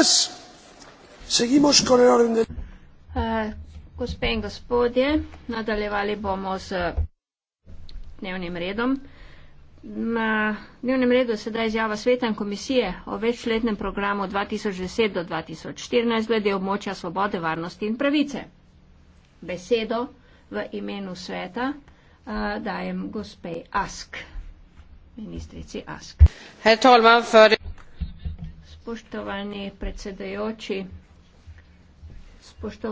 čas. Seguimos con el orden de. Uh, eh, gospe in gospodje, nadaljevali bomo z dnevnim redom. Na dnevnem redu se da izjava Svetan komisije o večletnem programu 2010 do 2014 glede območja svobode, varnosti in pravice. Besedo v imenu sveta uh, dajem gospej Ask, ministrici Ask. Hey, tolman, for... Spoštovani predsedajoči, spoštovani.